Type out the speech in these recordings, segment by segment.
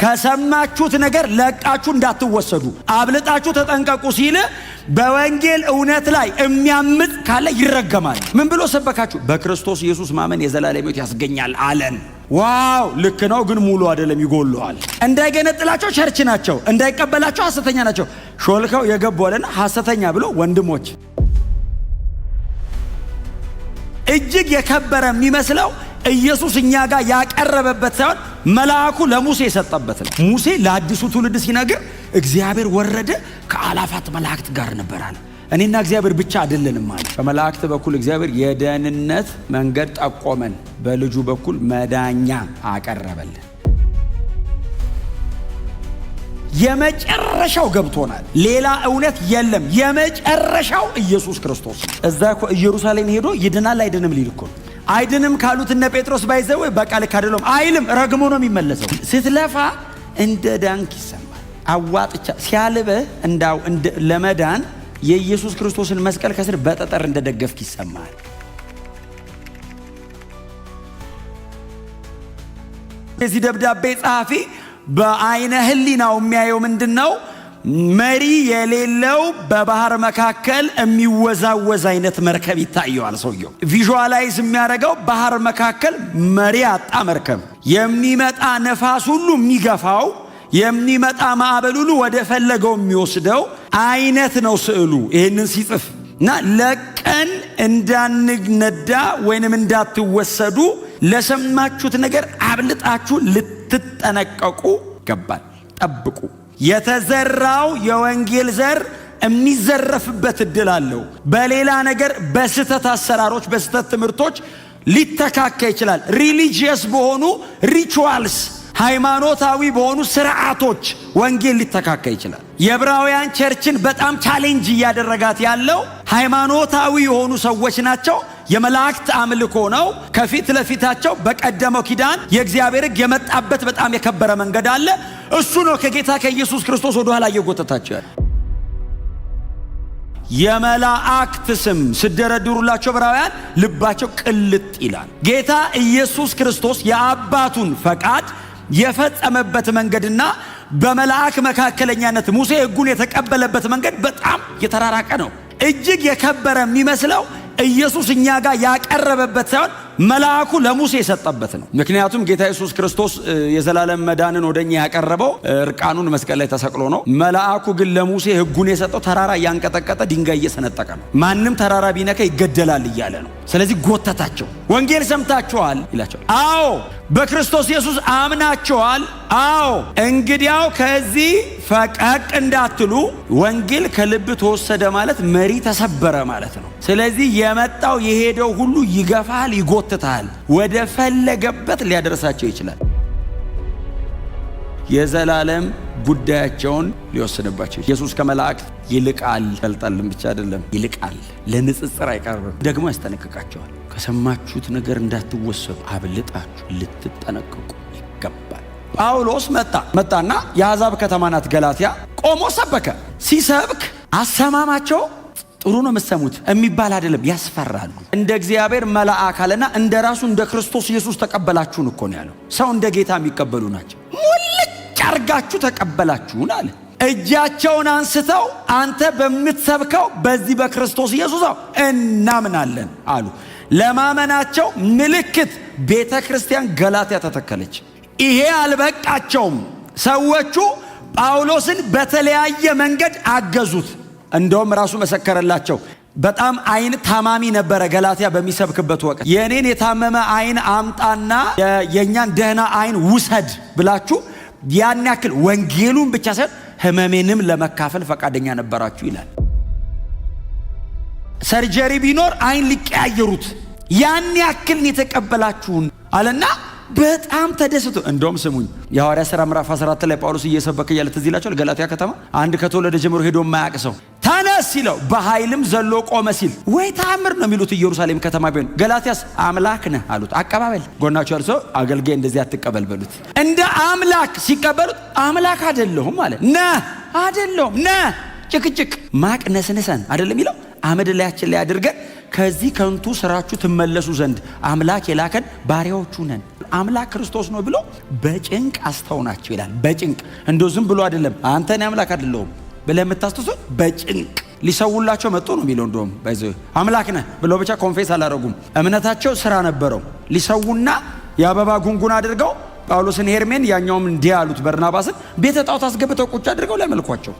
ከሰማችሁት ነገር ለቃችሁ እንዳትወሰዱ አብልጣችሁ ተጠንቀቁ ሲል በወንጌል እውነት ላይ የሚያምጥ ካለ ይረገማል። ምን ብሎ ሰበካችሁ? በክርስቶስ ኢየሱስ ማመን የዘላለም ሕይወት ያስገኛል አለን። ዋው ልክ ነው፣ ግን ሙሉ አይደለም፣ ይጎለዋል። እንዳይገነጥላቸው ቸርች ናቸው፣ እንዳይቀበላቸው ሐሰተኛ ናቸው። ሾልከው የገቡ አለና ሐሰተኛ ብሎ ወንድሞች እጅግ የከበረ የሚመስለው ኢየሱስ እኛ ጋር ያቀረበበት ሳይሆን መልአኩ ለሙሴ የሰጠበት ነው። ሙሴ ለአዲሱ ትውልድ ሲነግር እግዚአብሔር ወረደ ከአላፋት መላእክት ጋር ነበር አለ። እኔና እግዚአብሔር ብቻ አይደለንም አለ። በመላእክት በኩል እግዚአብሔር የደህንነት መንገድ ጠቆመን፣ በልጁ በኩል መዳኛ አቀረበልን። የመጨረሻው ገብቶናል። ሌላ እውነት የለም። የመጨረሻው ኢየሱስ ክርስቶስ። እዛ ኢየሩሳሌም ሄዶ ይድናል አይድንም ሊል አይድንም ካሉት እነ ጴጥሮስ ባይዘው በቃ ልክ አደለም አይልም። ረግሞ ነው የሚመለሰው። ስትለፋ እንደ ዳንክ ይሰማል። አዋጥቻ ሲያልበህ እንዳው ለመዳን የኢየሱስ ክርስቶስን መስቀል ከስር በጠጠር እንደደገፍክ ይሰማል። የዚህ ደብዳቤ ጸሐፊ በአይነ ህሊናው የሚያየው ምንድን ነው? መሪ የሌለው በባህር መካከል የሚወዛወዝ አይነት መርከብ ይታየዋል። ሰውየው ቪዥዋላይዝ የሚያደርገው ባህር መካከል መሪ ያጣ መርከብ፣ የሚመጣ ነፋስ ሁሉ የሚገፋው፣ የሚመጣ ማዕበል ሁሉ ወደ ፈለገው የሚወስደው አይነት ነው ስዕሉ ይህንን ሲጽፍ እና ለቀን እንዳንነዳ ወይንም እንዳትወሰዱ ለሰማችሁት ነገር አብልጣችሁ ልትጠነቀቁ ይገባል። ጠብቁ። የተዘራው የወንጌል ዘር የሚዘረፍበት እድል አለው። በሌላ ነገር በስተት አሰራሮች፣ በስተት ትምህርቶች ሊተካካ ይችላል። ሪሊጂየስ በሆኑ ሪችዋልስ ሃይማኖታዊ በሆኑ ስርዓቶች ወንጌል ሊተካካ ይችላል። የዕብራውያን ቸርችን በጣም ቻሌንጅ እያደረጋት ያለው ሃይማኖታዊ የሆኑ ሰዎች ናቸው። የመላእክት አምልኮ ነው። ከፊት ለፊታቸው በቀደመው ኪዳን የእግዚአብሔር ሕግ የመጣበት በጣም የከበረ መንገድ አለ። እሱ ነው ከጌታ ከኢየሱስ ክርስቶስ ወደ ኋላ እየጎተታቸው ያለ። የመላእክት ስም ስደረድሩላቸው ዕብራውያን ልባቸው ቅልጥ ይላል። ጌታ ኢየሱስ ክርስቶስ የአባቱን ፈቃድ የፈጸመበት መንገድና በመላእክ መካከለኛነት ሙሴ ሕጉን የተቀበለበት መንገድ በጣም የተራራቀ ነው። እጅግ የከበረ የሚመስለው ኢየሱስ እኛ ጋር ያቀረበበት ሳይሆን መልአኩ ለሙሴ የሰጠበት ነው። ምክንያቱም ጌታ ኢየሱስ ክርስቶስ የዘላለም መዳንን ወደኛ ያቀረበው እርቃኑን መስቀል ላይ ተሰቅሎ ነው። መልአኩ ግን ለሙሴ ሕጉን የሰጠው ተራራ እያንቀጠቀጠ ድንጋይ እየሰነጠቀ ነው። ማንም ተራራ ቢነካ ይገደላል እያለ ነው። ስለዚህ ጎተታቸው። ወንጌል ሰምታችኋል ይላቸዋል። አዎ በክርስቶስ ኢየሱስ አምናችኋል። አዎ እንግዲያው ከዚህ ፈቀቅ እንዳትሉ፣ ወንጌል ከልብ ተወሰደ ማለት መሪ ተሰበረ ማለት ነው። ስለዚህ የመጣው የሄደው ሁሉ ይገፋል፣ ይጎትታል፣ ወደ ፈለገበት ሊያደርሳቸው ይችላል። የዘላለም ጉዳያቸውን ሊወስንባቸው ኢየሱስ ከመላእክት ይልቃል። ይበልጣልን ብቻ አይደለም፣ ይልቃል። ለንጽጽር አይቀርብም። ደግሞ ያስጠነቅቃቸዋል። ከሰማችሁት ነገር እንዳትወሰዱ አብልጣችሁ ልትጠነቅቁ ይገባል። ጳውሎስ መጣ መጣና የአሕዛብ ከተማ ናት ገላትያ፣ ቆሞ ሰበከ። ሲሰብክ አሰማማቸው ጥሩ ነው የምትሰሙት የሚባል አይደለም፣ ያስፈራሉ። እንደ እግዚአብሔር አለና እንደ ራሱ እንደ ክርስቶስ ኢየሱስ ተቀበላችሁን እኮ ነው ያለው። ሰው እንደ ጌታ የሚቀበሉ ናቸው። ሙልጭ አርጋችሁ ተቀበላችሁን አለ። እጃቸውን አንስተው አንተ በምትሰብከው በዚህ በክርስቶስ ኢየሱስ እናምናለን አሉ። ለማመናቸው ምልክት ቤተ ክርስቲያን ገላትያ ተተከለች። ይሄ አልበቃቸውም። ሰዎቹ ጳውሎስን በተለያየ መንገድ አገዙት። እንደውም ራሱ መሰከረላቸው። በጣም አይን ታማሚ ነበረ። ገላትያ በሚሰብክበት ወቅት የእኔን የታመመ አይን አምጣና የእኛን ደህና አይን ውሰድ ብላችሁ ያን ያክል ወንጌሉን ብቻ ሳይሆን ህመሜንም ለመካፈል ፈቃደኛ ነበራችሁ ይላል። ሰርጀሪ ቢኖር አይን ሊቀያየሩት ያን ያክልን የተቀበላችሁን አለና በጣም ተደስቶ እንደውም ስሙኝ፣ የሐዋርያ ሥራ ምዕራፍ 14 ላይ ጳውሎስ እየሰበከ እያለ ትዝ ይላችኋል። ገላትያ ከተማ አንድ ከተወለደ ጀምሮ ሄዶ የማያውቅ ሰው ሲለው በኃይልም ዘሎ ቆመ ሲል ወይ ተአምር ነው የሚሉት ኢየሩሳሌም ከተማ ቢሆን። ገላትያስ አምላክ ነህ አሉት። አቀባበል ጎናቸው ያሉ አገልጋይ እንደዚህ አትቀበል በሉት። እንደ አምላክ ሲቀበሉት አምላክ አይደለሁም አለ። ነ አይደለሁም ነ ጭቅጭቅ ማቅ ነስንሰን አይደለም የሚለው አመድ ላያችን ላይ አድርገን ከዚህ ከንቱ ስራችሁ ትመለሱ ዘንድ አምላክ የላከን ባሪያዎቹ ነን። አምላክ ክርስቶስ ነው ብሎ በጭንቅ አስተውናቸው ይላል። በጭንቅ እንዶ ዝም ብሎ አይደለም። አንተን አምላክ አይደለሁም ብለህ የምታስተሱን በጭንቅ ሊሰውላቸው መጡ ነው የሚለው። እንደውም ባይዘ አምላክ ነህ ብለው ብቻ ኮንፌስ አላደረጉም። እምነታቸው ስራ ነበረው። ሊሰውና የአበባ ጉንጉን አድርገው ጳውሎስን ሄርሜን፣ ያኛውም እንዲህ ያሉት በርናባስን ቤተ ጣዖት አስገብተው ቁጭ አድርገው ሊያመልኳቸው።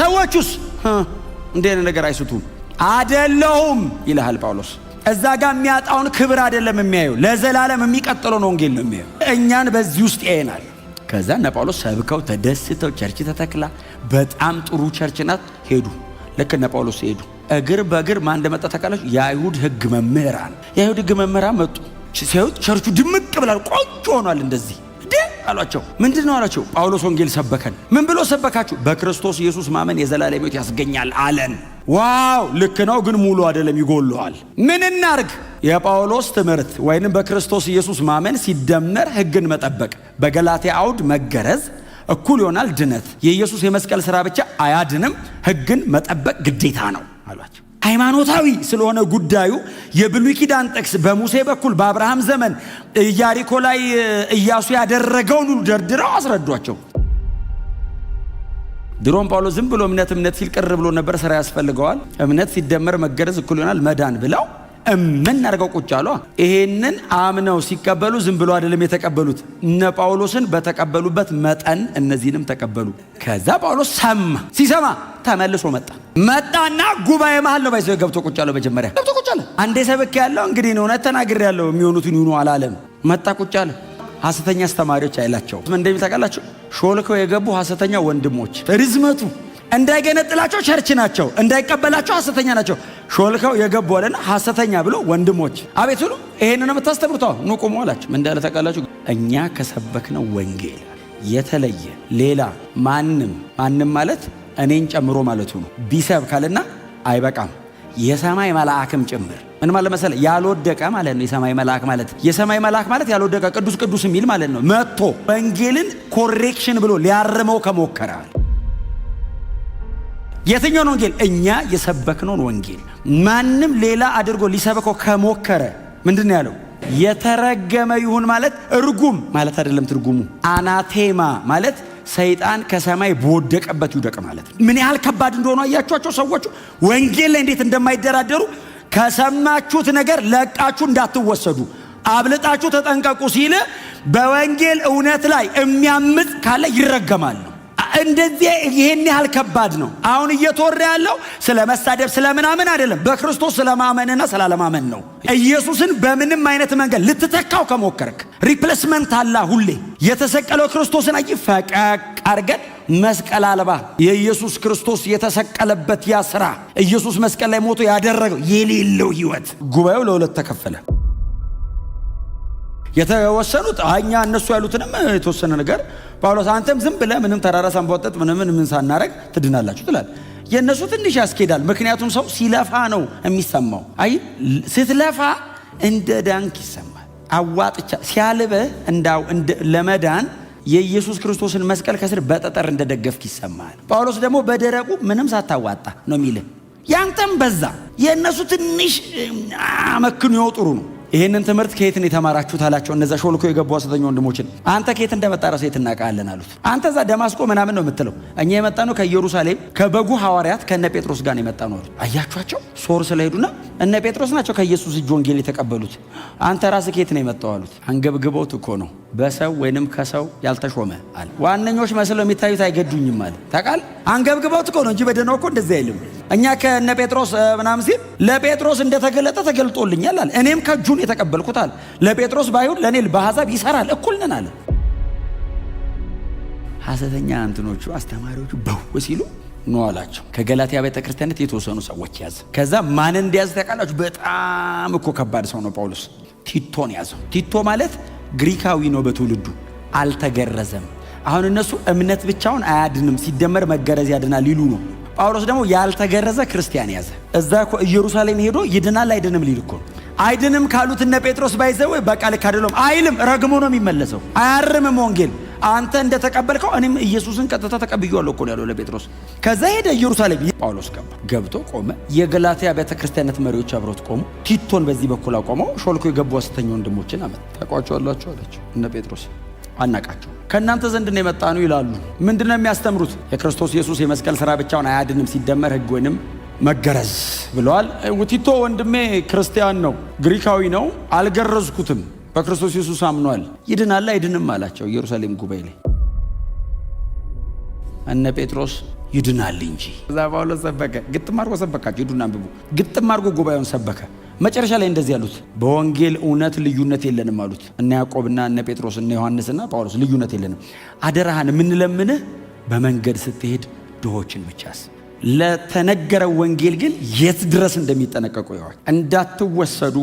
ሰዎቹስ እንዲህ ነገር አይስቱም አደለሁም ይልሃል ጳውሎስ። እዛ ጋር የሚያጣውን ክብር አይደለም የሚያየው፣ ለዘላለም የሚቀጥለውን ወንጌል ነው የሚያየው። እኛን በዚህ ውስጥ ያየናል። ከዛ እነ ጳውሎስ ሰብከው ተደስተው ቸርች ተተክላ በጣም ጥሩ ቸርች ናት። ሄዱ ልክ እነ ጳውሎስ ሄዱ። እግር በእግር ማን እንደመጣ ታውቃላችሁ? የአይሁድ ህግ መምህራን የአይሁድ ህግ መምህራን መጡ። ሲያዩት ቸርቹ ድምቅ ብላል፣ ቆንጆ ሆኗል። እንደዚህ አሏቸው። ምንድን ነው አሏቸው? ጳውሎስ ወንጌል ሰበከን። ምን ብሎ ሰበካችሁ? በክርስቶስ ኢየሱስ ማመን የዘላለም ሕይወት ያስገኛል አለን። ዋው ልክ ነው፣ ግን ሙሉ አይደለም፣ ይጎለዋል። ምን እናርግ? የጳውሎስ ትምህርት ወይንም በክርስቶስ ኢየሱስ ማመን ሲደመር ህግን መጠበቅ፣ በገላትያ አውድ መገረዝ እኩል ይሆናል ድነት። የኢየሱስ የመስቀል ስራ ብቻ አያድንም፣ ህግን መጠበቅ ግዴታ ነው አሏቸው። ሃይማኖታዊ ስለሆነ ጉዳዩ የብሉይ ኪዳን ጥቅስ በሙሴ በኩል በአብርሃም ዘመን ኢያሪኮ ላይ እያሱ ያደረገውን ሁሉ ደርድረው አስረዷቸው። ድሮም ጳውሎስ ዝም ብሎ እምነት እምነት ሲል ቅር ብሎ ነበር። ስራ ያስፈልገዋል። እምነት ሲደመር መገረዝ እኩል ይሆናል መዳን ብለው እምን አድርገው ቁጭ አሏ። ይሄንን አምነው ሲቀበሉ ዝም ብሎ አይደለም የተቀበሉት። እነ ጳውሎስን በተቀበሉበት መጠን እነዚህንም ተቀበሉ። ከዛ ጳውሎስ ሰማ። ሲሰማ ተመልሶ መጣ መጣና ጉባኤ መሀል ነው ባይዘው ገብቶ ቁጭ አለው። መጀመሪያ ገብቶ ቁጭ አለ። አንዴ ሰብክ ያለው እንግዲህ ነው እውነት ተናግር ያለው የሚሆኑትን ይሁኑ አላለም። መጣ ቁጭ አለ። ሐሰተኛ አስተማሪዎች አይላቸው እንደሚታውቃላቸው ሾልከው የገቡ ሐሰተኛ ወንድሞች ርዝመቱ እንዳይገነጥላቸው ቸርች ናቸው፣ እንዳይቀበላቸው ሐሰተኛ ናቸው። ሾልከው የገቡ አለን ሐሰተኛ ብሎ ወንድሞች አቤት ሁሉ ይሄንን የምታስተምሩት ኑ ቁሙ አላቸው። ምን እንዳለ ታውቃላችሁ? እኛ ከሰበክነው ወንጌል የተለየ ሌላ ማንም ማንም ማለት እኔን ጨምሮ ማለቱ ነው። ቢሰብካልና አይበቃም የሰማይ መልአክም ጭምር ምን ማለት መሰለ ያልወደቀ ማለት ነው። የሰማይ መልአክ ማለት የሰማይ መልአክ ማለት ያልወደቀ ቅዱስ ቅዱስ የሚል ማለት ነው። መጥቶ ወንጌልን ኮሬክሽን ብሎ ሊያርመው ከሞከራል የትኛውን ወንጌል? እኛ የሰበክነውን ወንጌል። ማንም ሌላ አድርጎ ሊሰበከው ከሞከረ ምንድን ነው ያለው? የተረገመ ይሁን ማለት እርጉም ማለት አይደለም። ትርጉሙ አናቴማ ማለት ሰይጣን ከሰማይ በወደቀበት ይውደቅ ማለት ነው። ምን ያህል ከባድ እንደሆኑ አያችኋቸው። ሰዎቹ ወንጌል ላይ እንዴት እንደማይደራደሩ ከሰማችሁት ነገር ለቃችሁ እንዳትወሰዱ አብልጣችሁ ተጠንቀቁ ሲል በወንጌል እውነት ላይ የሚያምፅ ካለ ይረገማል። እንደዚህ ይህን ያህል ከባድ ነው። አሁን እየተወራ ያለው ስለ መሳደብ ስለ ምናምን አይደለም፣ በክርስቶስ ስለማመንና ስላለማመን ነው። ኢየሱስን በምንም አይነት መንገድ ልትተካው ከሞከርክ ሪፕሌስመንት አላ ሁሌ የተሰቀለው ክርስቶስን አይ ፈቀቅ አርገን መስቀል አልባ የኢየሱስ ክርስቶስ የተሰቀለበት ያ ስራ ኢየሱስ መስቀል ላይ ሞቶ ያደረገው የሌለው ህይወት ጉባኤው ለሁለት ተከፈለ። የተወሰኑት እኛ እነሱ ያሉትንም የተወሰነ ነገር ጳውሎስ አንተም ዝም ብለህ ምንም ተራራ ሳንቧጠጥ ምንምን ምን ሳናረግ ትድናላችሁ ትላል። የእነሱ ትንሽ ያስኬዳል። ምክንያቱም ሰው ሲለፋ ነው የሚሰማው። አይ ስትለፋ እንደ ዳንክ ይሰማል። አዋጥቻ ሲያልበህ እንዳው ለመዳን የኢየሱስ ክርስቶስን መስቀል ከስር በጠጠር እንደደገፍክ ይሰማል። ጳውሎስ ደግሞ በደረቁ ምንም ሳታዋጣ ነው የሚልህ። ያንተም በዛ የእነሱ ትንሽ አመክንዮ ጥሩ ነው ይሄንን ትምህርት ከየትን የተማራችሁት አላቸው። እነዛ ሾልኮ የገቡ ሐሰተኛ ወንድሞችን አንተ ከየት እንደመጣ ራሱ የት አሉት። አንተ እዛ ደማስቆ ምናምን ነው የምትለው፣ እኛ የመጣ ነው ከኢየሩሳሌም ከበጉ ሐዋርያት ከነ ጴጥሮስ ጋር የመጣ ነው አሉት። አያችኋቸው፣ ሶር ስለሄዱና እነ ጴጥሮስ ናቸው ከኢየሱስ እጅ ወንጌል የተቀበሉት። አንተ ራስ ከየት ነው የመጣው አሉት። አንገብግበውት እኮ ነው በሰው ወይንም ከሰው ያልተሾመ አለ። ዋነኞች መስለው የሚታዩት አይገዱኝም አለ። ታውቃለህ፣ አንገብግበውት እኮ ነው እንጂ በደህናው እኮ እንደዚህ አይልም እኛ ከነ ጴጥሮስ ምናምን ሲል ለጴጥሮስ እንደተገለጠ ተገልጦልኛል አለ። እኔም ከእጁን የተቀበልኩታል ለጴጥሮስ ባይሁን ለእኔ በአሕዛብ ይሰራል፣ እኩል ነን አለ። ሐሰተኛ እንትኖቹ አስተማሪዎቹ በው ሲሉ ኖ አላቸው። ከገላትያ ቤተ ክርስቲያነት የተወሰኑ ሰዎች ያዘ። ከዛ ማንን እንዲያዝ ታውቃላችሁ? በጣም እኮ ከባድ ሰው ነው ጳውሎስ። ቲቶን ያዘው። ቲቶ ማለት ግሪካዊ ነው በትውልዱ አልተገረዘም። አሁን እነሱ እምነት ብቻውን አያድንም፣ ሲደመር መገረዝ ያድናል ይሉ ነው ጳውሎስ ደግሞ ያልተገረዘ ክርስቲያን ያዘ። እዛ ኢየሩሳሌም ሄዶ ይድናል አይድንም ሊል እኮ አይድንም ካሉት እነ ጴጥሮስ ባይዘው በቃ ልክ አይደለም አይልም። ረግሞ ነው የሚመለሰው። አያርምም ወንጌል አንተ እንደተቀበልከው እኔም ኢየሱስን ቀጥታ ተቀብያለሁ እኮ ያለው ለጴጥሮስ። ከዛ ሄደ ኢየሩሳሌም። ጳውሎስ ገባ፣ ገብቶ ቆመ። የገላትያ ቤተ ክርስቲያነት መሪዎች አብሮት ቆሙ። ቲቶን በዚህ በኩል አቆመው። ሾልኮ የገቡ ሐሰተኛ ወንድሞችን አመጣ። ታውቋቸዋላችሁ አላቸው እነ ጴጥሮስ አናቃቸው ከእናንተ ዘንድ ነው የመጣ ነው ይላሉ። ምንድነው የሚያስተምሩት? የክርስቶስ ኢየሱስ የመስቀል ሥራ ብቻውን አያድንም፣ ሲደመር ህግ ወይንም መገረዝ ብለዋል። ቲቶ ወንድሜ ክርስቲያን ነው፣ ግሪካዊ ነው። አልገረዝኩትም፣ በክርስቶስ ኢየሱስ አምኗል። ይድናል አይድንም አላቸው። ኢየሩሳሌም ጉባኤ ላይ እነ ጴጥሮስ ይድናል እንጂ። እዛ ጳውሎስ ሰበከ፣ ግጥም አድርጎ ሰበካቸው። ሂዱና አንብቡ። ግጥም አድርጎ ጉባኤውን ሰበከ። መጨረሻ ላይ እንደዚህ ያሉት በወንጌል እውነት ልዩነት የለንም አሉት። እነ ያዕቆብና እነ ጴጥሮስ እነ ዮሐንስና ጳውሎስ ልዩነት የለንም። አደራህን የምንለምንህ በመንገድ ስትሄድ ድሆችን ብቻስ ለተነገረው ወንጌል ግን የት ድረስ እንደሚጠነቀቁ ይዋል። እንዳትወሰዱ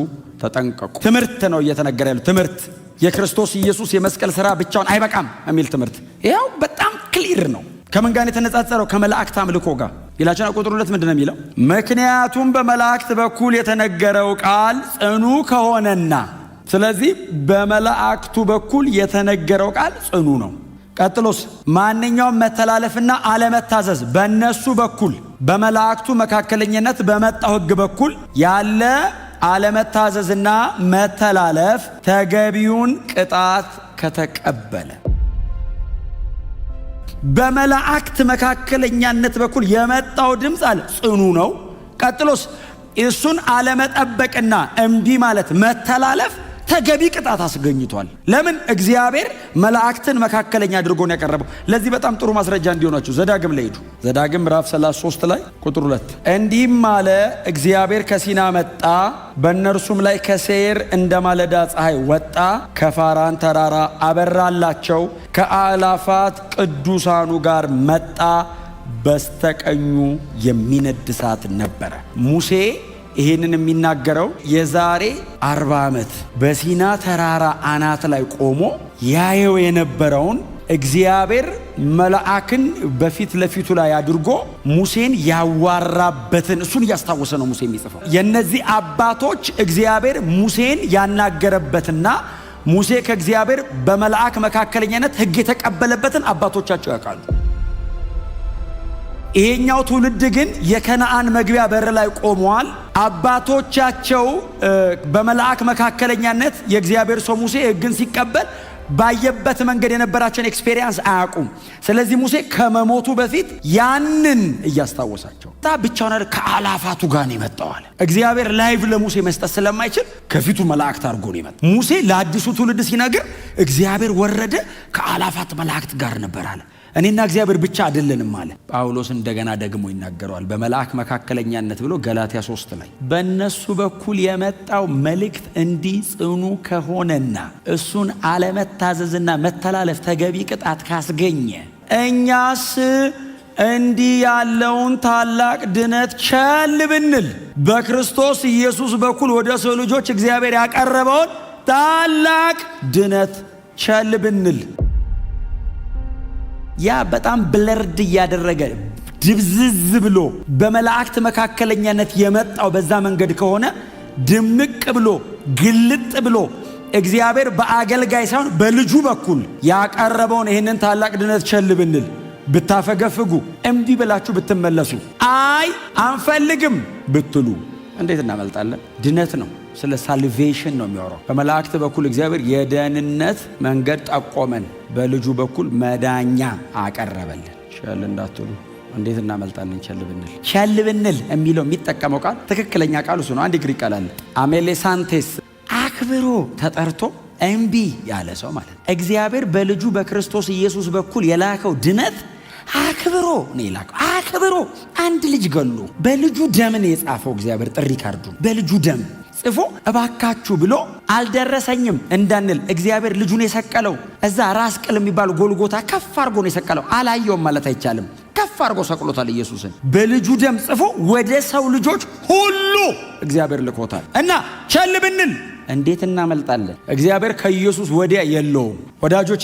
ተጠንቀቁ። ትምህርት ነው እየተነገረ ያሉ ትምህርት የክርስቶስ ኢየሱስ የመስቀል ስራ ብቻውን አይበቃም የሚል ትምህርት ይኸው በጣም ክሊር ነው። ከምን ጋር የተነጻጸረው? ከመላእክት አምልኮ ጋር ይላችና ቁጥር ሁለት ምንድን ነው የሚለው? ምክንያቱም በመላእክት በኩል የተነገረው ቃል ጽኑ ከሆነና፣ ስለዚህ በመላእክቱ በኩል የተነገረው ቃል ጽኑ ነው። ቀጥሎስ ማንኛውም መተላለፍና አለመታዘዝ በእነሱ በኩል በመላእክቱ መካከለኝነት በመጣው ሕግ በኩል ያለ አለመታዘዝና መተላለፍ ተገቢውን ቅጣት ከተቀበለ በመላእክት መካከለኛነት በኩል የመጣው ድምፅ አለ ጽኑ ነው። ቀጥሎስ እሱን አለመጠበቅና እምቢ ማለት መተላለፍ ተገቢ ቅጣት አስገኝቷል። ለምን እግዚአብሔር መላእክትን መካከለኛ አድርጎን ያቀረበው? ለዚህ በጣም ጥሩ ማስረጃ እንዲሆናችሁ ዘዳግም ላይ ሄዱ። ዘዳግም ምዕራፍ 33 ላይ ቁጥር 2 እንዲህም አለ እግዚአብሔር ከሲና መጣ፣ በእነርሱም ላይ ከሴር እንደ ማለዳ ፀሐይ ወጣ፣ ከፋራን ተራራ አበራላቸው፣ ከአላፋት ቅዱሳኑ ጋር መጣ፣ በስተቀኙ የሚነድ እሳት ነበረ። ሙሴ ይሄንን የሚናገረው የዛሬ አርባ ዓመት በሲና ተራራ አናት ላይ ቆሞ ያየው የነበረውን እግዚአብሔር መልአክን በፊት ለፊቱ ላይ አድርጎ ሙሴን ያዋራበትን እሱን እያስታወሰ ነው ሙሴ የሚጽፈው። የእነዚህ አባቶች እግዚአብሔር ሙሴን ያናገረበትና ሙሴ ከእግዚአብሔር በመልአክ መካከለኛነት ሕግ የተቀበለበትን አባቶቻቸው ያውቃሉ። ይሄኛው ትውልድ ግን የከነአን መግቢያ በር ላይ ቆመዋል። አባቶቻቸው በመልአክ መካከለኛነት የእግዚአብሔር ሰው ሙሴ ሕግን ሲቀበል ባየበት መንገድ የነበራቸውን ኤክስፔሪንስ አያውቁም። ስለዚህ ሙሴ ከመሞቱ በፊት ያንን እያስታወሳቸው ብቻ ከአላፋቱ ጋር ነው የመጣዋል። እግዚአብሔር ላይቭ ለሙሴ መስጠት ስለማይችል ከፊቱ መላእክት አድርጎ ነው የመጣ። ሙሴ ለአዲሱ ትውልድ ሲነግር እግዚአብሔር ወረደ ከአላፋት መላእክት ጋር ነበር አለ። እኔና እግዚአብሔር ብቻ አይደለንም አለ ጳውሎስ። እንደገና ደግሞ ይናገረዋል በመልአክ መካከለኛነት ብሎ ገላትያ ሶስት ላይ በእነሱ በኩል የመጣው መልእክት እንዲህ ጽኑ ከሆነና እሱን አለመታዘዝና መተላለፍ ተገቢ ቅጣት ካስገኘ እኛስ እንዲህ ያለውን ታላቅ ድነት ቸል ብንል በክርስቶስ ኢየሱስ በኩል ወደ ሰው ልጆች እግዚአብሔር ያቀረበውን ታላቅ ድነት ቸል ብንል ያ በጣም ብለርድ እያደረገ ድብዝዝ ብሎ በመላእክት መካከለኛነት የመጣው በዛ መንገድ ከሆነ ድምቅ ብሎ ግልጥ ብሎ እግዚአብሔር በአገልጋይ ሳይሆን በልጁ በኩል ያቀረበውን ይህንን ታላቅ ድነት ቸል ብንል ብታፈገፍጉ እምቢ ብላችሁ ብትመለሱ አይ አንፈልግም ብትሉ እንዴት እናመልጣለን? ድነት ነው። ስለ ሳልቬሽን ነው የሚያወራው። በመላእክት በኩል እግዚአብሔር የደህንነት መንገድ ጠቆመን፣ በልጁ በኩል መዳኛ አቀረበልን። ሸል እንዳትሉ እንዴት እናመልጣለን? ቸል ብንል ቸል ብንል የሚለው የሚጠቀመው ቃል ትክክለኛ ቃል እሱ ነው። አንድ ግሪክ ቃል አለ አሜሌሳንቴስ፣ አክብሮ ተጠርቶ እምቢ ያለ ሰው ማለት ነው። እግዚአብሔር በልጁ በክርስቶስ ኢየሱስ በኩል የላከው ድነት አክብሮ ነው የላከው። አክብሮ አንድ ልጅ ገሎ በልጁ ደምን የጻፈው እግዚአብሔር ጥሪ ካርዱ በልጁ ደም ጽፎ እባካችሁ ብሎ አልደረሰኝም እንዳንል እግዚአብሔር ልጁን የሰቀለው እዛ ራስ ቅል የሚባል ጎልጎታ ከፍ አድርጎ ነው የሰቀለው። አላየውም ማለት አይቻልም። ከፍ አድርጎ ሰቅሎታል ኢየሱስን። በልጁ ደም ጽፎ ወደ ሰው ልጆች ሁሉ እግዚአብሔር ልኮታል እና ቸል ብንል እንዴት እናመልጣለን? እግዚአብሔር ከኢየሱስ ወዲያ የለውም። ወዳጆቼ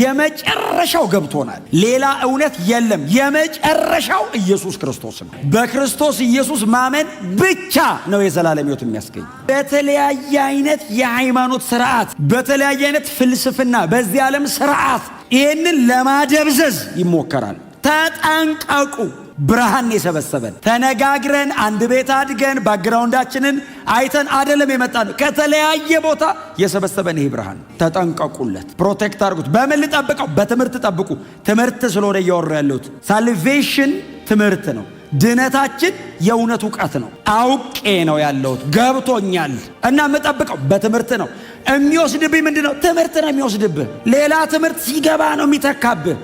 የመጨረሻው ገብቶናል። ሌላ እውነት የለም። የመጨረሻው ኢየሱስ ክርስቶስ ነው። በክርስቶስ ኢየሱስ ማመን ብቻ ነው የዘላለም ሕይወት የሚያስገኝ። በተለያየ አይነት የሃይማኖት ስርዓት፣ በተለያየ አይነት ፍልስፍና፣ በዚህ ዓለም ስርዓት ይህንን ለማደብዘዝ ይሞከራል። ተጠንቀቁ። ብርሃን የሰበሰበን ተነጋግረን አንድ ቤት አድገን ባግራውንዳችንን አይተን አደለም ነው። ከተለያየ ቦታ የሰበሰበን ይሄ ብርሃን። ተጠንቀቁለት፣ ፕሮቴክት አድርጉት። በምን ልጠብቀው? በትምህርት ጠብቁ። ትምህርት ስለሆነ እያወራ ያለሁት ሳልቬሽን ትምህርት ነው። ድነታችን የእውነት እውቀት ነው። አውቄ ነው ያለሁት ገብቶኛል። እና የምጠብቀው በትምህርት ነው። የሚወስድብኝ ምንድን ነው? ትምህርት ነው የሚወስድብህ። ሌላ ትምህርት ሲገባ ነው የሚተካብህ።